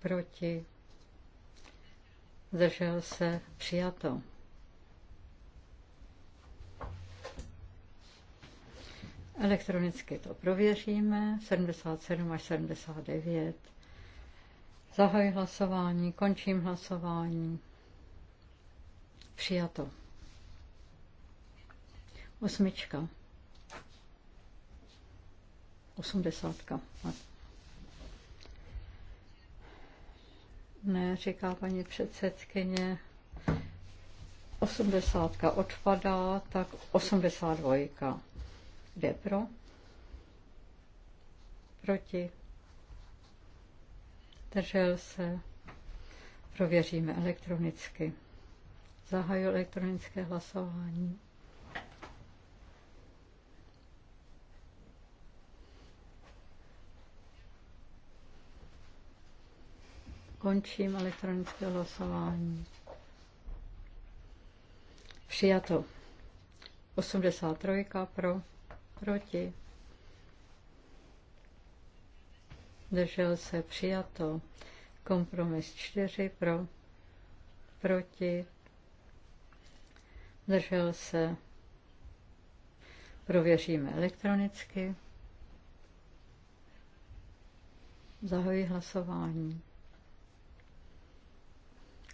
proti, zdržel se, přijato. Elektronicky to prověříme, 77 až 79. Zahaj hlasování, končím hlasování. Přijato. Osmička. Osmdesátka. Ne, říká paní předsedkyně. 80 odpadá, tak 82. Jde pro? Proti? Držel se? Prověříme elektronicky. Zahaju elektronické hlasování. Končím elektronické hlasování. Přijato. 83 pro, proti. Držel se přijato. Kompromis 4 pro, proti. Držel se. Prověříme elektronicky. Zahoji hlasování.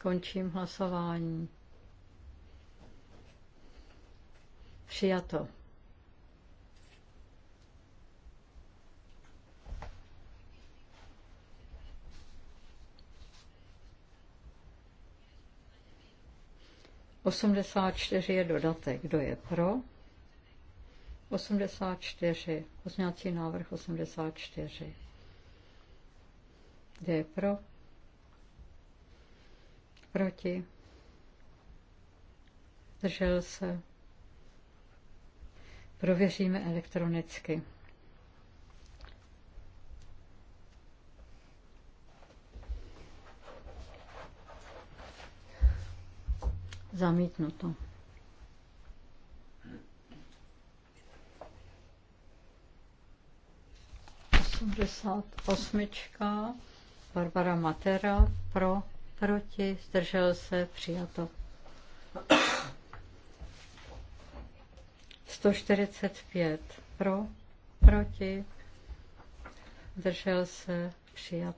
Končím hlasování. Přijato. Osmdesát čtyři je dodatek. Kdo je pro? 84. Pozměňovací návrh 84. Kdo je pro? Proti. držel se. Prověříme elektronicky. Zamítnuto. Osmdesát osmička. Barbara Matera pro proti, zdržel se, přijato. 145 pro, proti, zdržel se, přijat.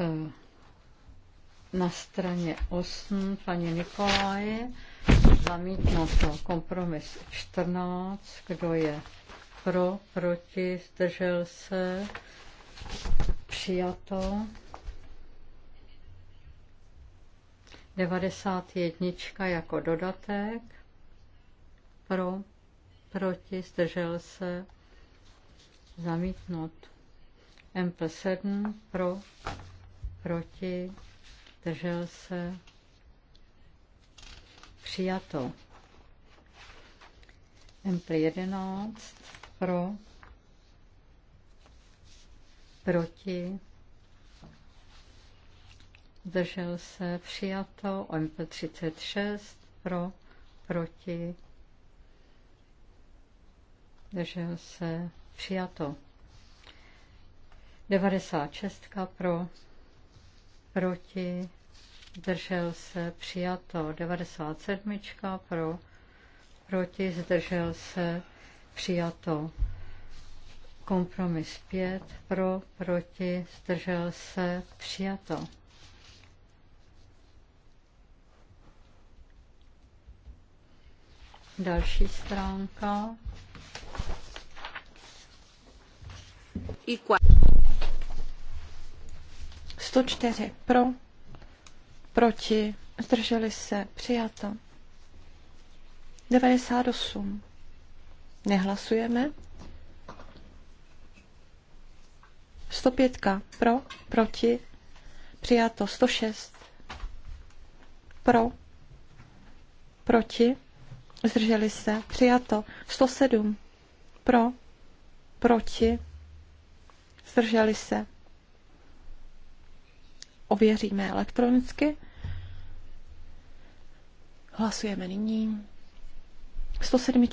Eh, na straně 8 paní Nikoláje zamítnuto. Kompromis 14, kdo je pro, proti, zdržel se, přijato. 91 jako dodatek, pro, proti, zdržel se, zamítnut. MP7 pro, proti, zdržel se, Přijato. MP11 pro, proti, zdržel se, přijato, MP36 pro, proti, zdržel se, přijato. 96 pro, proti, zdržel se, přijato 97 pro, proti, zdržel se, přijato kompromis 5 pro, proti, zdržel se, přijato. Další stránka. I 104 pro,
proti, zdrželi se, přijato. 98. Nehlasujeme. 105. Pro, proti, přijato. 106. Pro, proti, zdrželi se, přijato. 107. Pro, proti, zdrželi se, ověříme elektronicky. Hlasujeme nyní. 107.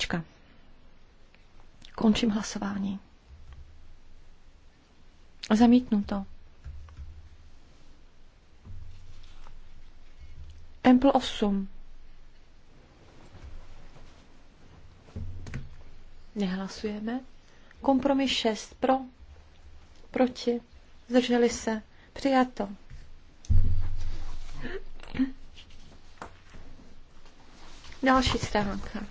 Končím hlasování. Zamítnu to. Ample 8. Nehlasujeme. Kompromis 6 pro, proti, zdrželi se, přijato. Další stránka.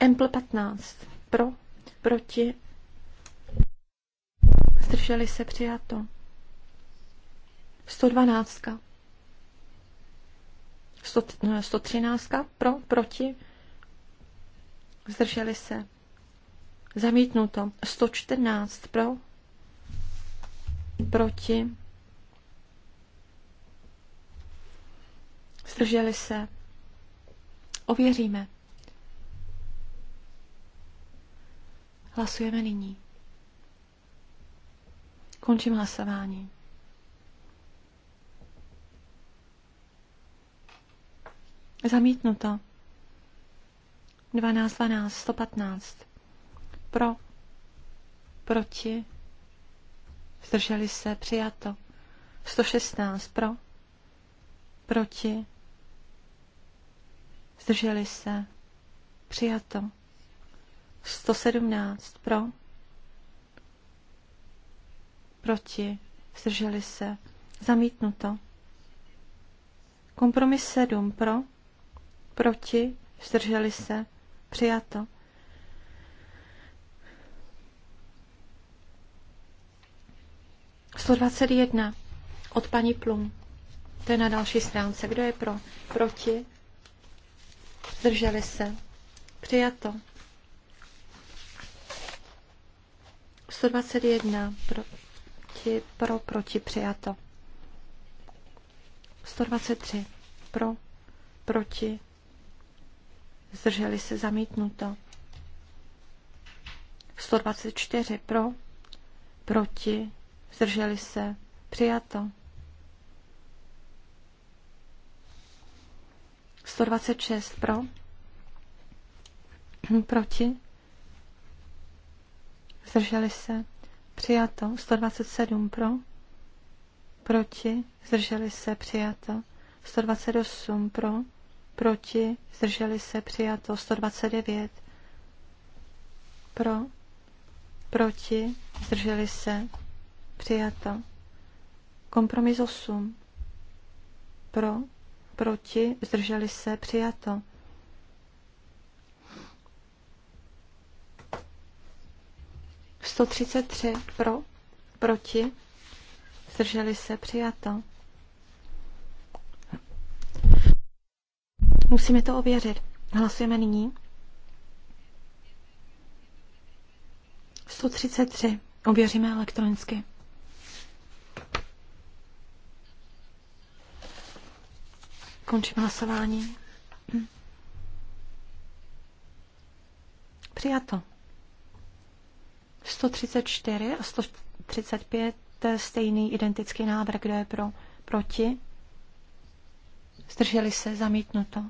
Empl 15. Pro, proti, zdrželi se přijato. 112. 113. No, Pro, proti, zdrželi se. Zamítnuto. 114. Pro, proti, zdrželi se, ověříme. Hlasujeme nyní. Končím hlasování. Zamítnuto. 12, 12, 115. Pro. Proti zdrželi se, přijato. 116 pro, proti, zdrželi se, přijato. 117 pro, proti, zdrželi se, zamítnuto. Kompromis 7 pro, proti, zdrželi se, přijato. 121 od paní Plum. To je na další stránce. Kdo je pro? Proti? Zdrželi se? Přijato. 121 proti, pro, proti, přijato. 123 pro, proti, zdrželi se zamítnuto. 124 pro, proti, zdrželi se, přijato. 126 <clears throat> pro, proti, zdrželi se, přijato. 127 pro, proti, zdrželi se, přijato. 128 pro, proti, zdrželi se, přijato. 129 pro, proti, zdrželi se, Přijato. Kompromis 8. Pro, proti, zdrželi se, přijato. V 133 pro, proti, zdrželi se, přijato. Musíme to ověřit. Hlasujeme nyní. 133. Ověříme elektronicky. Končím hlasování. Přijato. 134 a 135 stejný identický návrh, kdo je pro, proti. Zdrželi se, zamítnuto.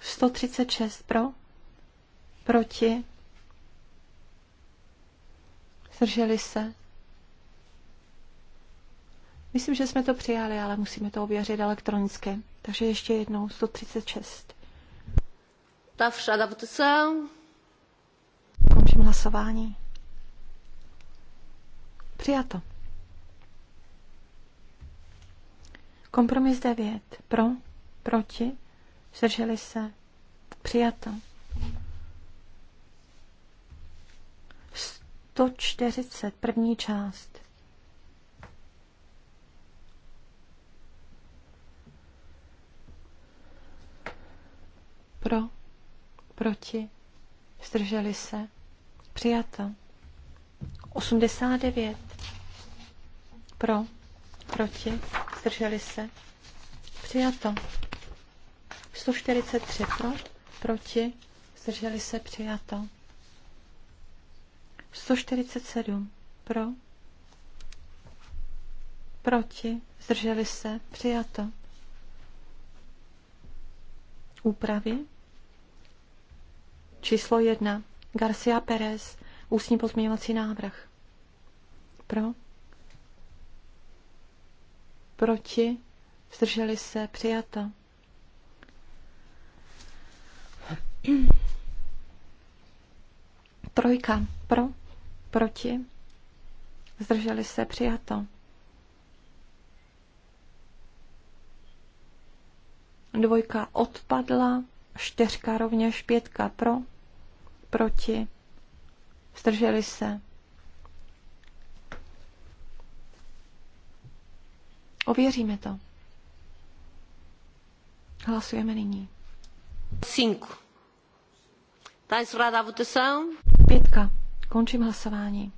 136 pro, proti. Zdrželi se, Myslím, že jsme to přijali, ale musíme to ověřit elektronicky. Takže ještě jednou 136.
Ta všada votação.
Končím hlasování. Přijato. Kompromis 9. Pro, proti, zdrželi se. Přijato. 140. První část. Pro, proti, zdrželi se, přijato. 89. Pro, proti, zdrželi se, přijato. 143 pro, proti, zdrželi se, přijato. 147 pro, proti, zdrželi se, přijato. Úpravy Číslo jedna. Garcia Pérez. Ústní pozměňovací návrh. Pro. Proti. Zdrželi se. Přijato. <clears throat> Trojka. Pro. Proti. Zdrželi se. Přijato. Dvojka odpadla. Čtyřka rovněž. Pětka pro proti, zdrželi se. Ověříme to. Hlasujeme nyní. Cinco.
Está encerrada a votação.
Pětka. Končím hlasování.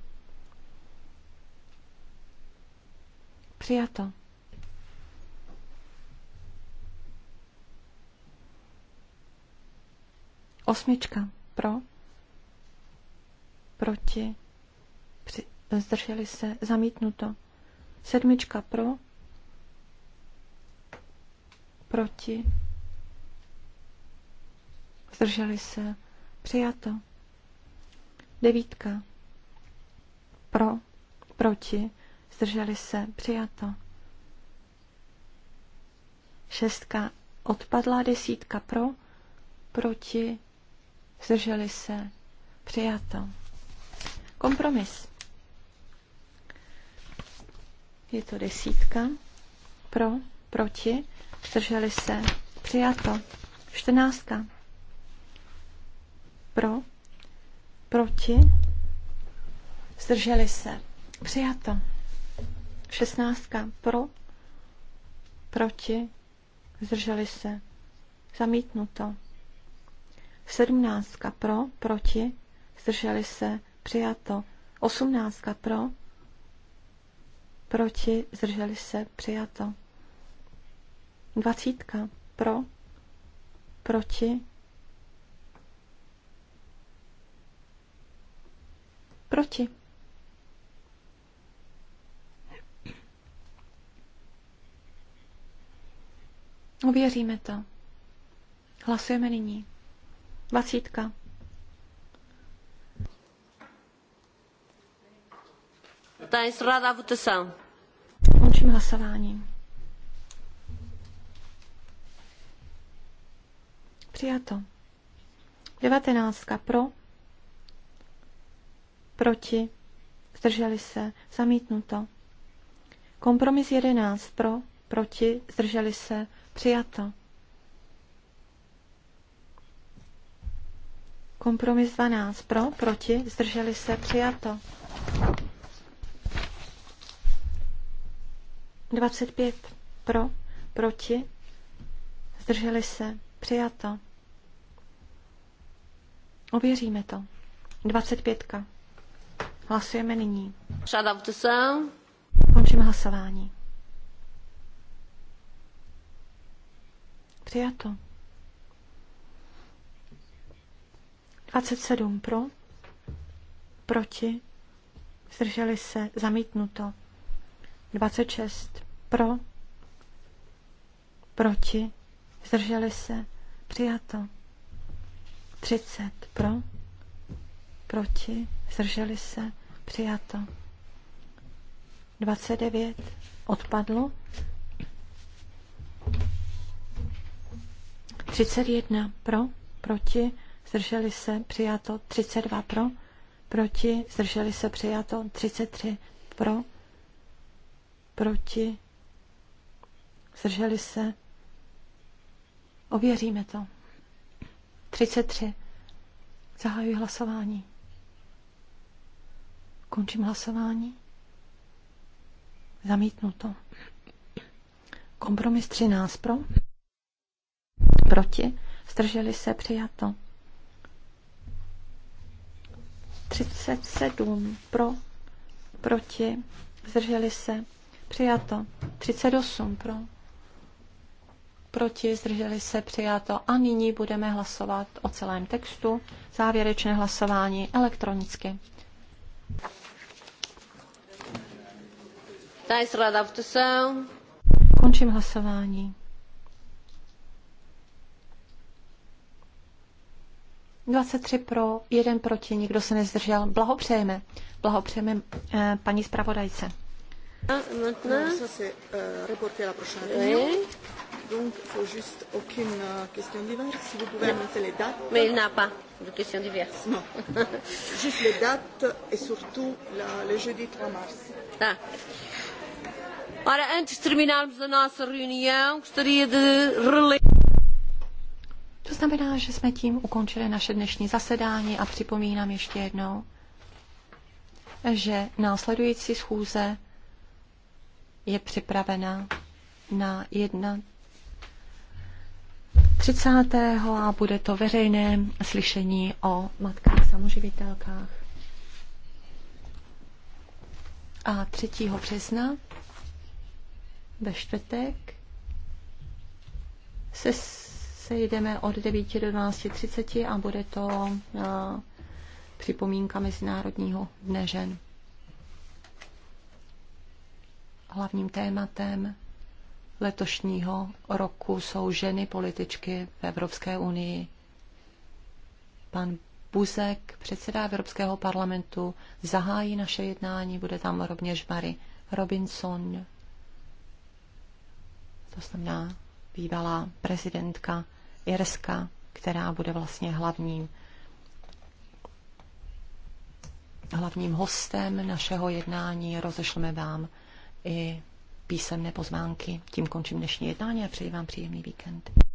Přijato. Osmička. Pro proti, při, zdrželi se, zamítnuto. Sedmička pro, proti, zdrželi se, přijato. Devítka pro, proti, zdrželi se, přijato. Šestka odpadla, desítka pro, proti, zdrželi se, přijato. Kompromis. Je to desítka. Pro, proti, zdrželi se, přijato. Čtrnáctka. Pro, proti, zdrželi se, přijato. Šestnáctka. Pro, proti, zdrželi se, zamítnuto. Sedmnáctka. Pro, proti, zdrželi se, přijato. Osmnáctka pro, proti, zdrželi se, přijato. Dvacítka pro, proti, proti. Ověříme to. Hlasujeme nyní. Dvacítka.
Está encerrada a votação.
Končím hlasování. Přijato. Devatenáctka proti, zdrželi se, zamítnuto. Kompromis 11 pro, proti, zdrželi se, přijato. Kompromis 12 pro, proti, zdrželi se, přijato. 25 pro, proti, zdrželi se, přijato. Ověříme to. 25. Hlasujeme nyní.
Shut se.
Končím hlasování. Přijato. 27 pro, proti, zdrželi se, zamítnuto. 26 pro, proti, zdrželi se, přijato. 30 pro, proti, zdrželi se, přijato. 29 odpadlo. 31 pro, proti, zdrželi se, přijato. 32 pro, proti, zdrželi se, přijato. 33 pro, proti, zdrželi se, ověříme to. 33. Zahajuji hlasování. Končím hlasování. Zamítnu to. Kompromis 13 pro. Proti. Zdrželi se přijato. 37 pro. Proti. Zdrželi se Přijato. 38 pro. Proti, zdrželi se, přijato. A nyní budeme hlasovat o celém textu. Závěrečné hlasování elektronicky. Končím hlasování. Dvacet tři pro, jeden proti, nikdo se nezdržel. Blahopřejeme. Blahopřejeme eh, paní zpravodajce.
Ah, maintenant. ça c'est euh, reporté à la prochaine réunion. Oui. Donc il faut juste aucune euh, question diverse. Si vous pouvez non. annoncer les dates. Mais il n'a pas de Non. <laughs> juste les dates et surtout la, le jeudi 3 mars. Ah. Ora, antes de terminarmos a nossa reunião, gostaria de reler.
To znamená, že jsme tím ukončili naše dnešní zasedání a připomínám ještě jednou, že následující schůze je připravena na jedna 30. a bude to veřejné slyšení o matkách samoživitelkách. A 3. března ve čtvrtek se sejdeme od 9 do 12.30 a bude to eh, připomínka Mezinárodního dne žen. Hlavním tématem letošního roku jsou ženy političky v Evropské unii. Pan Buzek, předseda Evropského parlamentu, zahájí naše jednání, bude tam rovněž Mary Robinson, to znamená bývalá prezidentka Irska, která bude vlastně hlavním hlavním hostem našeho jednání. Rozešleme vám i písemné pozvánky. Tím končím dnešní jednání a přeji vám příjemný víkend.